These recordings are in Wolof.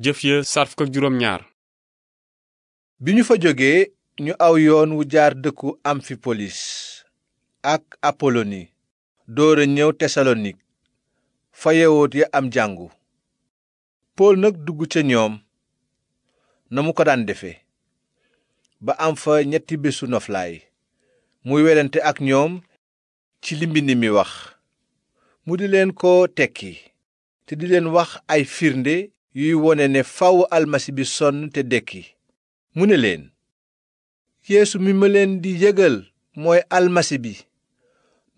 jëf ya saar bi ñu fa jógee ñu aw yoon wu jaar dëkku amfipolis ak apoloni doora ñëw tesalonik fa yewoot ya am jàngu pool nag dugg ca ñoom na mu ko daan defe ba am fa ñetti bésu noflaay muy welante ak ñoom ci li mi wax mu di leen koo tekki te di leen wax ay firnde yuy wone ne faw almasi bi sonn te dekki mu ne leen yeesu mi ma leen di yëgal mooy almasi bi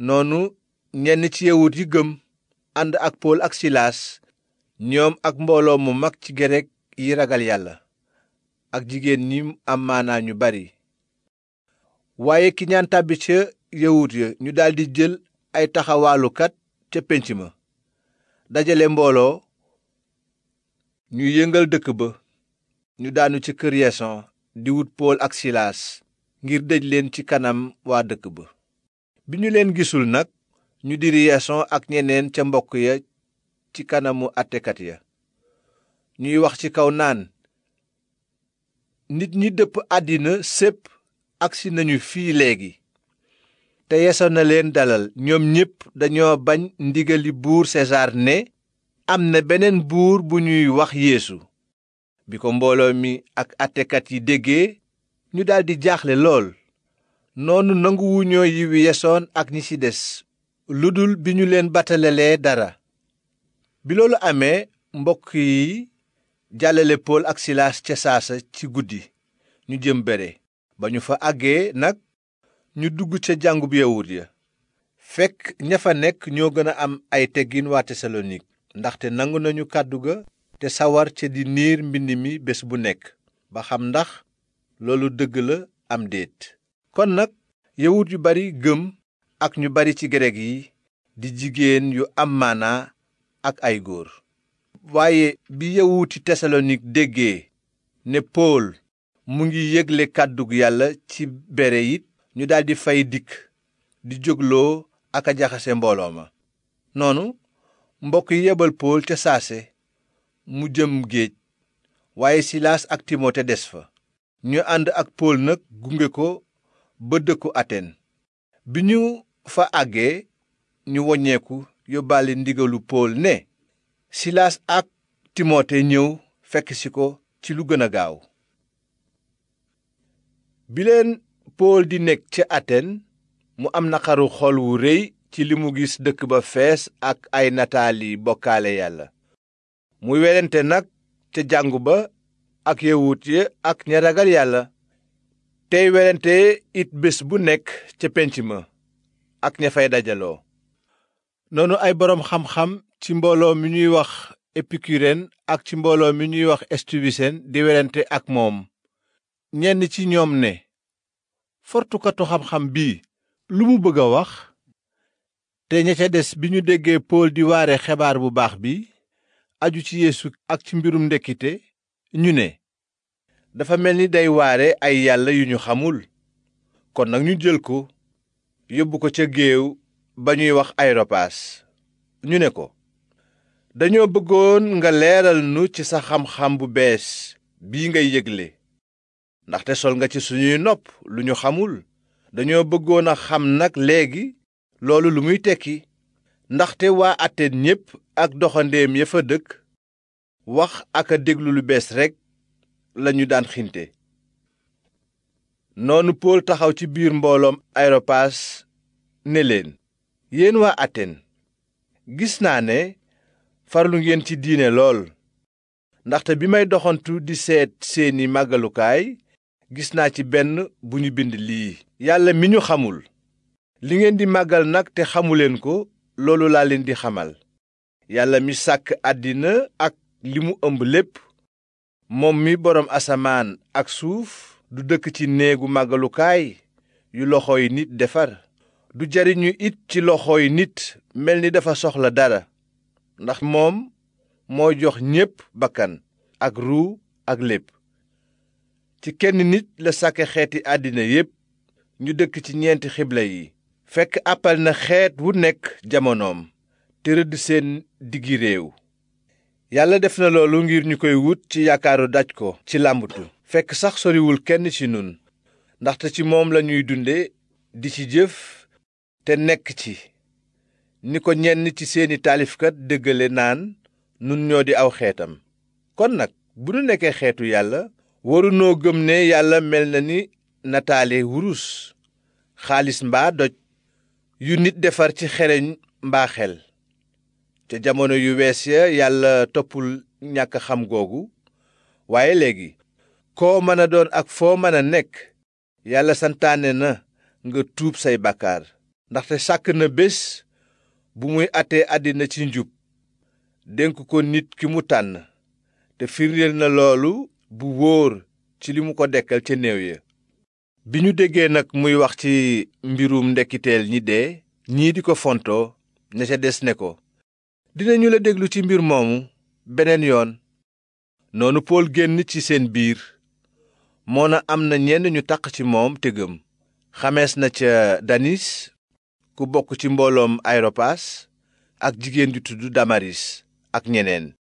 noonu ñenn ci yawut yi gëm ànd ak pool ak silaas ñoom ak mbooloo mu mag ci gereg yi ragal yàlla ak jigéen ñi am maanaa ñu bari waaye ki ñaan tàbbi ca yawut ya ñu daldi jël ay taxawaalukat ca pénc ma dajale mbooloo ñu yëngal dëkk ba ñu daanu ci kër yeson di wut pool ak silaas ngir dëj leen ci kanam waa dëkk ba bi ñu leen gisul nag ñu diri yeson ak ñeneen ca mbokk ya ci kanamu àttekat ya ñuy wax ci kaw naan nit ñi dëpp àddina sépp agsi nañu fii léegi te yeson na leen dalal ñoom ñépp dañoo bañ ndigali buur sesaar ne am na beneen buur bu ñuy wax yéesu bi ko mbooloo mi ak àttekat yi déggee ñu daldi jaaxle lool noonu nanguwu ñoo yiwi yesoon ak ñi ci des lu dul bi ñu leen batalelee dara bi loolu amee mbokk yi jàllale pool ak silaas ca saasa ci guddi ñu jëm bere ba ñu fa àggee nag ñu dugg ca jàngub yawut ya fekk ña fa nekk ñoo gën a am ay teggin waa tesalonik ndaxte nangu nañu kàdduga te sawar ca di niir mbind mi bés bu nekk ba xam ndax loolu dëgg la am déet kon nag yawut yu bari gëm ak ñu bari ci grek yi di jigéen yu am maanaa ak ay góor waaye bi yawuti tesalonik dégge ne pool mu ngi yëgle kàddug yàlla ci bere it ñu daldi fay dikk di jógloo aka jaxase mbooloo ma noonu mbokk yi yebal pool ca saase mu jëm géej waaye silaas ak timote des fa ñu ànd ak pol nag gunge ko ba dëkku aten bi ñu fa àggee ñu woññeeku yóbbaale ndigalu pool ne silaas ak timote ñëw fekk si ko ci lu gën a gaaw bi leen di nekk ca aten mu am naqaru xol wu rëy ci li mu gis dëkk ba fees ak ay nataali bokkaale yàlla muy werante nag ca jàngu ba ak yawut ya ak ña ragal yàlla tey werante it bés bu nekk ca pénc ma ak ña fay dajaloo noonu ay boroom xam-xam ci mbooloo mi ñuy wax épicurien ak ci mbooloo mi ñuy wax estubisen di werante ak moom ñenn ci ñoom ne fortukatu xam-xam bii lu mu bëgg a wax te ña ca des bi ñu déggee pool di waare xebaar bu baax bi aju ci yéesu ak ci mbirum ndekkite ñu ne dafa mel ni day waare ay yàlla yu ñu xamul kon nag ñu jël ko yóbbu ko ca géew ba ñuy wax ayropaas ñu ne ko dañoo bëggoon nga leeral nu ci sa xam-xam bu bees bii ngay yégle ndaxte sol nga ci suñuy nopp lu ñu xamul dañoo bëggoon a xam nag léegi loolu lu muy tekki ndaxte waa Aten ñépp ak doxandéem ya fa dëkk wax ak a déglu lu bees rekk lañu daan xinte noonu Pool taxaw ci biir mbooloom Areopaas ne leen yéen waa Aten gis naa ne farlu ngeen ci diine lool ndaxte bi may doxantu di seet seeni màggalukaay gis naa ci benn bu ñu bind lii yàlla mi ñu xamul li ngeen di màggal nag te xamuleen ko loolu laa leen di xamal yàlla mi sàkk àddina ak li mu ëmb lépp moom mi boroom asamaan ak suuf du dëkk ci néegu màggalukaay yu loxooy nit defar du jariñu it ci loxooy nit mel ni dafa soxla dara ndax moom moo jox ñépp bakkan ak ruu ak lépp ci kenn nit la sàkke xeeti àddina yépp ñu dëkk ci ñeenti xibla yi fekk àppal na xeet wu nekk jamonoom te rëdd seen diggi réew yàlla def na loolu ngir ñu koy wut ci yaakaaru daj ko ci làmbatu fekk sax soriwul kenn ci nun ndaxte ci moom lañuy dunde di ci jëf te nekk ci ni ko ñenn ci seeni taalifkat dëggale naan nun ñoo di aw xeetam kon nag bu nu nekkee xeetu yàlla noo gëm ne yàlla mel na ni nataale wurus xaalis mbaa doj yu nit defar ci xereñ mbaaxel xel te jamono yu wees ya yàlla toppul ñàkk xam googu waaye léegi koo mën a doon ak foo mën a nekk yàlla santaane na nga tuub say bàkkaar ndaxte sàkk na bés bu muy àttee àddina ci njub dénk ko nit ki mu tànn te firndeel na loolu bu wóor ci li mu ko dekkal ca néew ya bi ñu déggee nag muy wax ci mbirum ndekkiteel ñi dee ñii di ko fontoo ña ca des ne ko dinañu la déglu ci mbir moomu beneen yoon noonu pool génn ci seen biir moona am na ñenn ñu taq ci moom te xamees na ca danis ku bokk ci mbooloom areopaas ak jigéen ju tudd damaris ak ñeneen